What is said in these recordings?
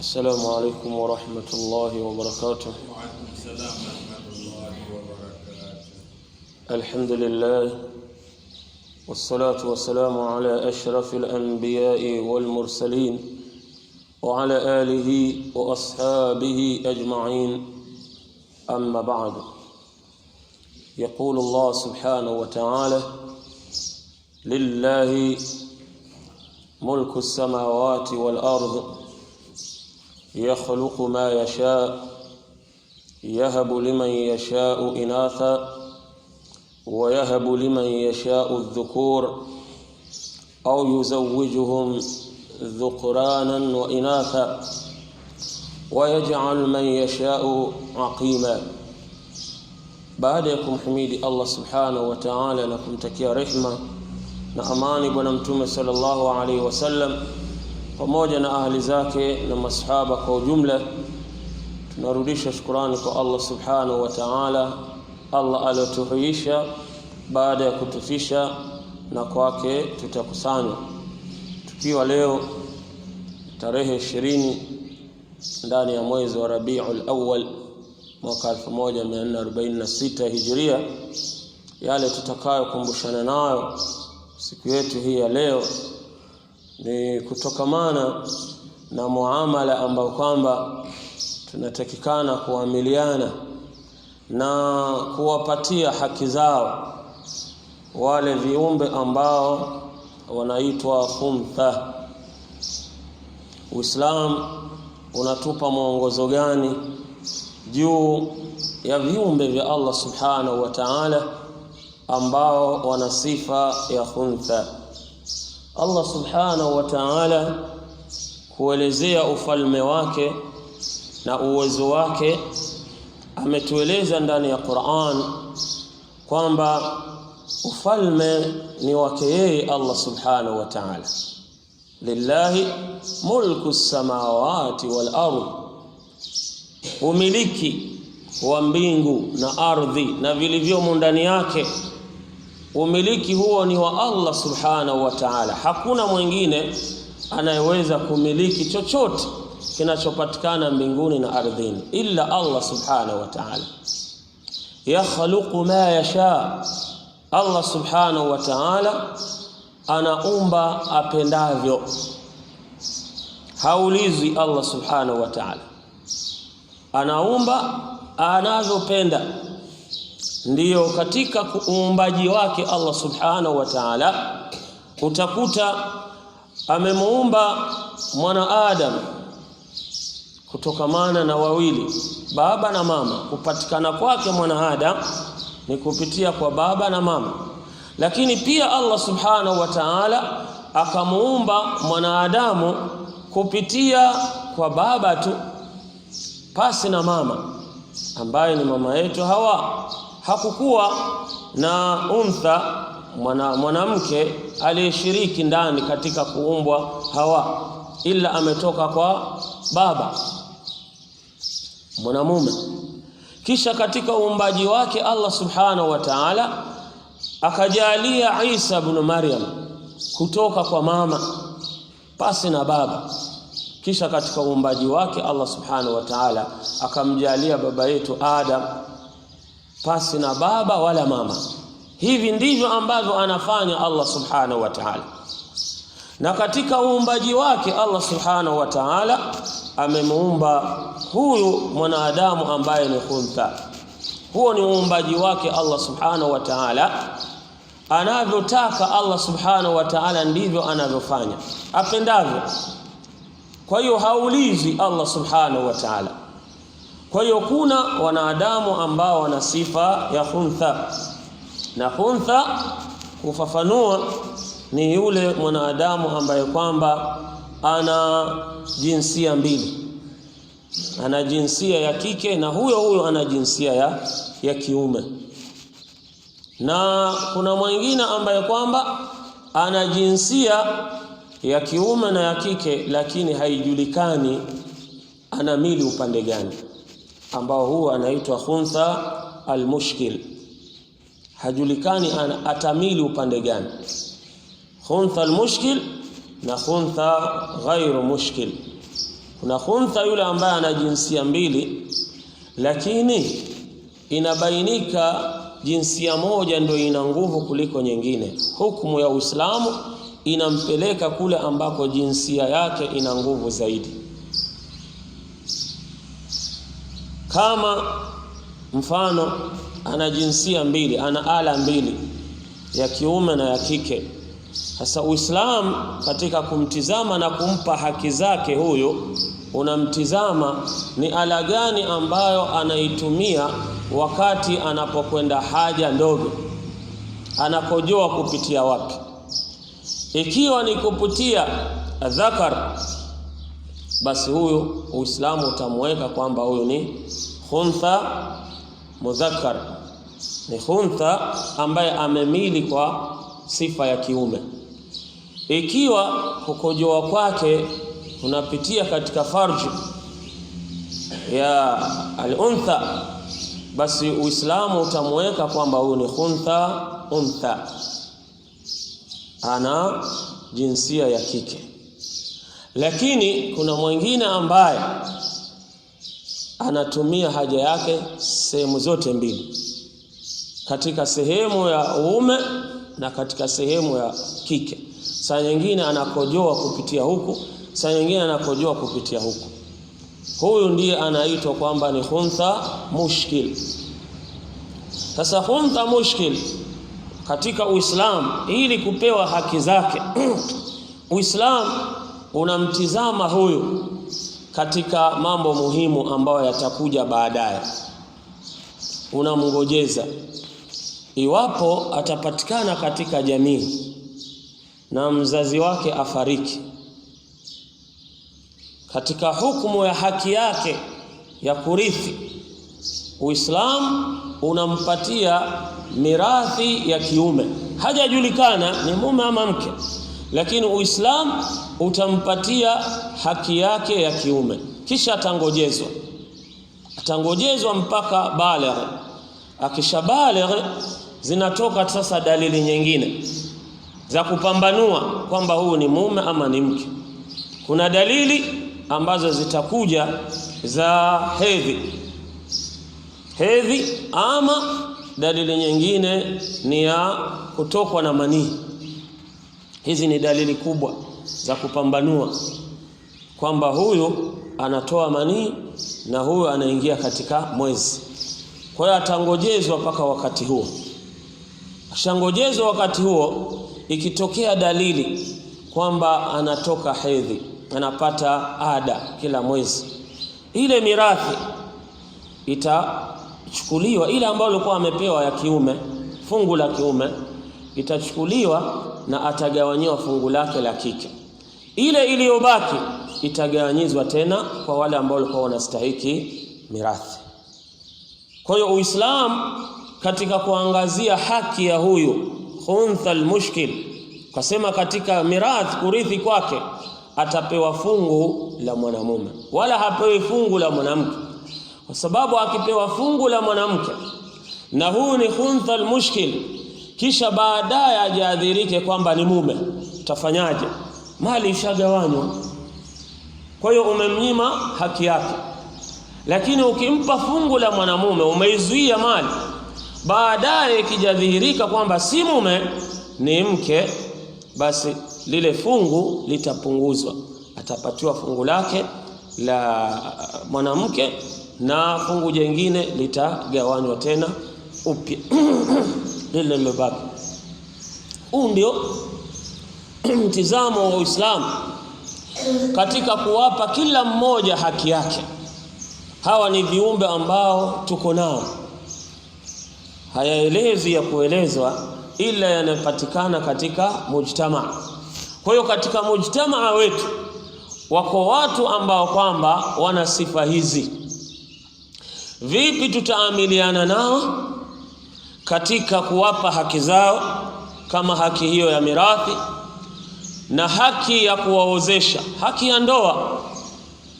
السلام عليكم ورحمة الله وبركاته وعليكم السلام ورحمة الله وبركاته الحمد لله والصلاة والسلام على أشرف الأنبياء والمرسلين وعلى آله وأصحابه أجمعين أما بعد يقول الله سبحانه وتعالى لله ملك السماوات والأرض يخلق ما يشاء يهب لمن يشاء إناثا ويهب لمن يشاء الذكور أو يزوجهم ذكرانا وإناثا ويجعل من يشاء عقيما baada ya kumhimidi Allah subhanahu wa ta'ala na kumtakia rehma na amani bwana mtume sallallahu alaihi wasallam pamoja na ahli zake na masahaba kwa ujumla. Tunarudisha shukurani kwa Allah subhanahu wa ta'ala, Allah aliyotuhuisha baada ya kutufisha, na kwake tutakusanywa tukiwa leo tarehe ishirini ndani ya mwezi wa Rabiul Awwal mwaka 1446 Hijria. Yale tutakayokumbushana nayo siku yetu hii ya leo ni kutokamana na muamala ambao kwamba tunatakikana kuamiliana na kuwapatia haki zao wale viumbe ambao wanaitwa huntha. Uislamu unatupa mwongozo gani juu ya viumbe vya Allah subhanahu wa ta'ala ambao wana sifa ya huntha? Allah subhanahu wa ta'ala kuelezea ufalme wake na uwezo wake ametueleza ndani ya Qur'an kwamba ufalme ni wake yeye Allah subhanahu wa ta'ala, lillahi mulku samawati wal ard, umiliki wa mbingu na ardhi na vilivyomo ndani yake Umiliki huo ni wa Allah subhanahu wa ta'ala. Hakuna mwingine anayeweza kumiliki chochote kinachopatikana mbinguni na ardhini ila Allah subhanahu wa ta'ala. Yakhluqu ma yasha, Allah subhanahu wa ta'ala anaumba apendavyo. Haulizwi Allah subhanahu wa ta'ala anaumba anavyopenda. Ndiyo, katika uumbaji wake Allah subhanahu wa ta'ala utakuta amemuumba mwanaadamu kutokamana na wawili, baba na mama. Kupatikana kwake mwanaadamu ni kupitia kwa baba na mama, lakini pia Allah subhanahu wa ta'ala akamuumba mwanaadamu kupitia kwa baba tu pasi na mama, ambaye ni mama yetu Hawa hakukuwa na untha mwanamke mwana aliyeshiriki ndani katika kuumbwa Hawa, ila ametoka kwa baba mwanamume. Kisha katika uumbaji wake Allah subhanahu wa ta'ala akajalia Isa ibn Maryam kutoka kwa mama pasi na baba. Kisha katika uumbaji wake Allah subhanahu wa ta'ala akamjalia baba yetu Adam pasi na baba wala mama. Hivi ndivyo ambavyo anafanya Allah subhanahu wa ta'ala, na katika uumbaji wake Allah subhanahu wa ta'ala amemuumba huyu mwanadamu ambaye ni khuntha. Huo ni uumbaji wake Allah subhanahu wa ta'ala, anavyotaka Allah subhanahu wa ta'ala ndivyo anavyofanya apendavyo. Kwa hiyo haulizi Allah subhanahu wa ta'ala kwa hiyo kuna wanadamu ambao wana sifa ya khuntha, na khuntha kufafanua ni yule mwanadamu ambaye kwamba ana jinsia mbili, ana jinsia ya kike na huyo huyo ana jinsia ya, ya kiume, na kuna mwingine ambaye kwamba ana jinsia ya kiume na ya kike, lakini haijulikani ana mili upande gani ambao huu anaitwa khunsa almushkil, hajulikani atamili upande gani, khunsa almushkil na khuntha ghairu mushkil. Kuna khuntha yule ambaye ana jinsia mbili, lakini inabainika jinsia moja ndio ina nguvu kuliko nyingine. Hukumu ya Uislamu inampeleka kule ambako jinsia yake ina nguvu zaidi. Kama mfano ana jinsia mbili, ana ala mbili ya kiume na ya kike. Sasa Uislamu katika kumtizama na kumpa haki zake huyu, unamtizama ni ala gani ambayo anaitumia wakati anapokwenda haja ndogo, anakojoa kupitia wapi? Ikiwa ni kupitia dhakar basi huyo Uislamu utamweka kwamba huyo ni khuntha mudhakkar, ni khuntha ambaye amemili kwa sifa ya kiume. Ikiwa kukojoa kwake unapitia katika farji ya al basi Uislamu utamweka kwamba huyo ni khuntha untha, ana jinsia ya kike. Lakini kuna mwingine ambaye anatumia haja yake sehemu zote mbili, katika sehemu ya uume na katika sehemu ya kike. Saa nyingine anakojoa kupitia huku, saa nyingine anakojoa kupitia huku. Huyu ndiye anaitwa kwamba ni huntha mushkil. Sasa huntha mushkil katika Uislamu, ili kupewa haki zake Uislamu unamtizama huyu katika mambo muhimu ambayo yatakuja baadaye, unamngojeza iwapo atapatikana katika jamii na mzazi wake afariki, katika hukumu ya haki yake ya kurithi, Uislamu unampatia mirathi ya kiume. Hajajulikana ni mume ama mke, lakini Uislamu utampatia haki yake ya kiume, kisha atangojezwa atangojezwa mpaka balighe. Akisha balighe, zinatoka sasa dalili nyingine za kupambanua kwamba huyu ni mume ama ni mke. Kuna dalili ambazo zitakuja za hedhi, hedhi ama dalili nyingine ni ya kutokwa na manii. Hizi ni dalili kubwa za kupambanua kwamba huyu anatoa manii na huyu anaingia katika mwezi. Kwa hiyo atangojezwa mpaka wakati huo. Ashangojezwa wakati huo, ikitokea dalili kwamba anatoka hedhi, anapata ada kila mwezi, ile mirathi itachukuliwa, ile ambayo alikuwa amepewa ya kiume, fungu la kiume itachukuliwa na atagawanyiwa fungu lake la kike ile iliyobaki itagawanyizwa tena kwa wale ambao walikuwa wanastahiki mirathi. Kwa hiyo Uislamu katika kuangazia haki ya huyu khuntha almushkil, kasema katika mirathi kurithi kwake atapewa fungu la mwanamume wala hapewi fungu la mwanamke, kwa sababu akipewa fungu la mwanamke na huyu ni khuntha almushkil, kisha baadaye ajaadhirike kwamba ni mume, utafanyaje? mali ishagawanywa, kwa hiyo umemnyima haki yake. Lakini ukimpa fungu la mwanamume umeizuia mali, baadaye ikijadhihirika kwamba si mume ni mke, basi lile fungu litapunguzwa, atapatiwa fungu lake la mwanamke na fungu jingine litagawanywa tena upya lile limebaki. Huu ndio mtizamo wa Uislamu katika kuwapa kila mmoja haki yake. Hawa ni viumbe ambao tuko nao, hayaelezi ya kuelezwa, ila yanapatikana katika mujtamaa. Kwa hiyo katika mujtamaa wetu wako watu ambao kwamba wana sifa hizi. Vipi tutaamiliana nao katika kuwapa haki zao, kama haki hiyo ya mirathi na haki ya kuwaozesha, haki ya ndoa,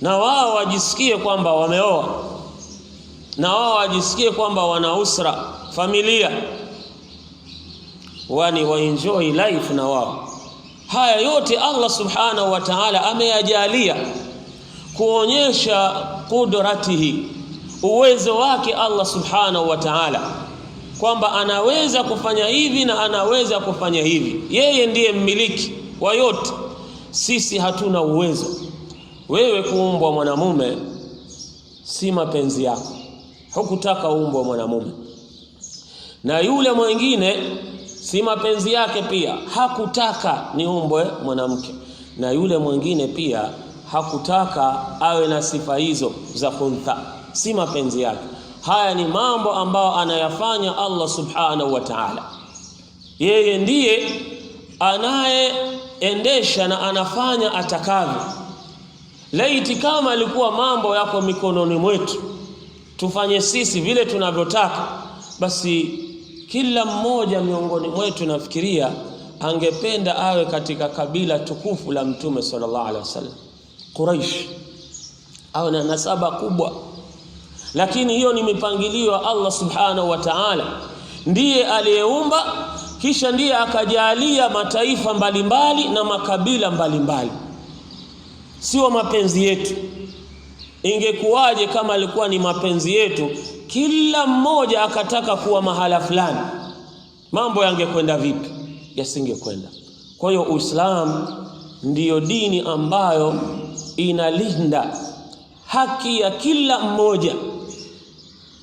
na wao wajisikie kwamba wameoa, na wao wajisikie kwamba wana usra, familia, wani enjoy life na wao. Haya yote Allah subhanahu wa ta'ala ameyajalia kuonyesha kudratihi, uwezo wake Allah subhanahu wa ta'ala kwamba anaweza kufanya hivi na anaweza kufanya hivi. Yeye ndiye mmiliki wa yote, sisi hatuna uwezo. Wewe kuumbwa mwanamume si mapenzi yako, hukutaka uumbwa mwanamume, na yule mwingine si mapenzi yake pia, hakutaka niumbwe mwanamke, na yule mwingine pia hakutaka awe na sifa hizo za kuntha, si mapenzi yake. Haya ni mambo ambayo anayafanya Allah subhanahu wa ta'ala, yeye ndiye anaye endesha na anafanya atakavyo. Laiti kama alikuwa mambo yako mikononi mwetu, tufanye sisi vile tunavyotaka, basi kila mmoja miongoni mwetu nafikiria angependa awe katika kabila tukufu la Mtume sallallahu alaihi wasallam, Quraish, awe na nasaba kubwa. Lakini hiyo ni mipangilio ya Allah subhanahu wa ta'ala, ndiye aliyeumba kisha ndiye akajalia mataifa mbalimbali na makabila mbalimbali. Sio mapenzi yetu. Ingekuwaje kama alikuwa ni mapenzi yetu, kila mmoja akataka kuwa mahala fulani, mambo yangekwenda vipi? Yasingekwenda. Kwa hiyo Uislamu ndiyo dini ambayo inalinda haki ya kila mmoja.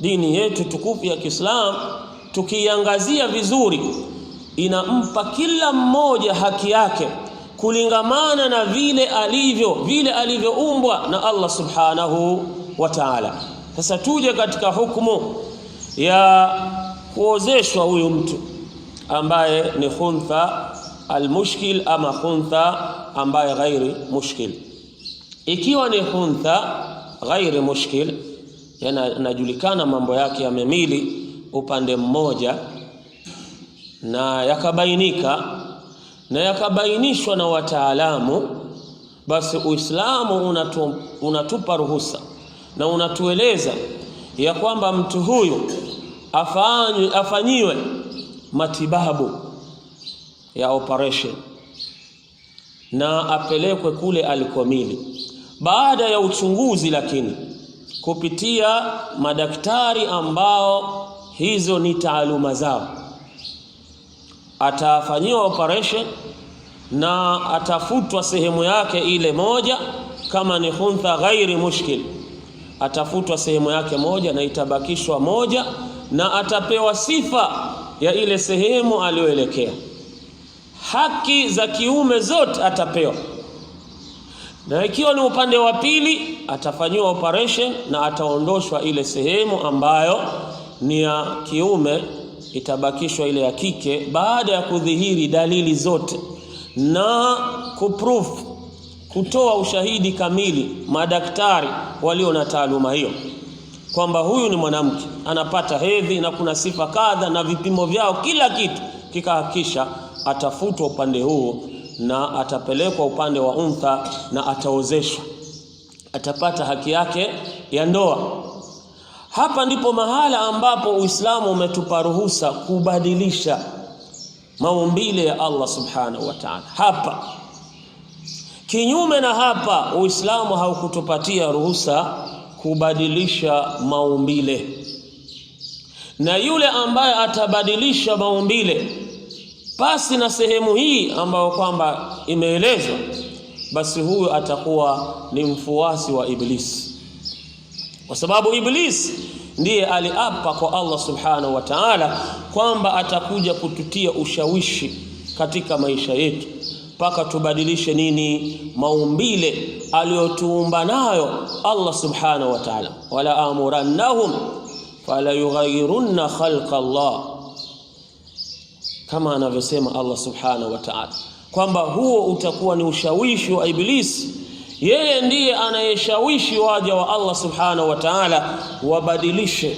Dini yetu tukufu ya Kiislamu tukiiangazia vizuri inampa kila mmoja haki yake kulingamana na vile alivyo vile alivyoumbwa na Allah subhanahu wa ta'ala. Sasa tuje katika hukumu ya kuozeshwa huyu mtu ambaye ni khuntha almushkil ama khuntha ambaye ghairi mushkil. Ikiwa ni khuntha ghairi mushkil, yanajulikana mambo yake yamemili upande mmoja na yakabainika na yakabainishwa na wataalamu, basi Uislamu unatu, unatupa ruhusa na unatueleza ya kwamba mtu huyu afanywe, afanyiwe matibabu ya operation na apelekwe kule alikomili baada ya uchunguzi, lakini kupitia madaktari ambao hizo ni taaluma zao atafanyiwa operation na atafutwa sehemu yake ile moja, kama ni huntha ghairi mushkil, atafutwa sehemu yake moja na itabakishwa moja, na atapewa sifa ya ile sehemu aliyoelekea. Haki za kiume zote atapewa, na ikiwa ni upande wa pili atafanyiwa operation na ataondoshwa ile sehemu ambayo ni ya kiume itabakishwa ile ya kike baada ya kudhihiri dalili zote na kuproof kutoa ushahidi kamili madaktari walio na taaluma hiyo kwamba huyu ni mwanamke anapata hedhi na kuna sifa kadha na vipimo vyao, kila kitu kikahakikisha, atafutwa upande huo na atapelekwa upande wa untha na ataozeshwa, atapata haki yake ya ndoa. Hapa ndipo mahala ambapo Uislamu umetupa ruhusa kubadilisha maumbile ya Allah subhanahu wa ta'ala. Hapa kinyume na hapa, Uislamu haukutupatia ruhusa kubadilisha maumbile, na yule ambaye atabadilisha maumbile pasi na sehemu hii ambayo kwamba imeelezwa, basi huyo atakuwa ni mfuasi wa Iblisi kwa sababu Iblis ndiye aliapa kwa Allah subhanahu wa ta'ala kwamba atakuja kututia ushawishi katika maisha yetu mpaka tubadilishe nini maumbile aliyotuumba nayo Allah subhanahu wa ta'ala, wala amurannahum fala khalqa Allah, kama anavyosema Allah subhanahu wa ta'ala kwamba huo utakuwa ni ushawishi wa iblisi yeye ndiye anayeshawishi waja wa Allah subhanahu wa ta'ala wabadilishe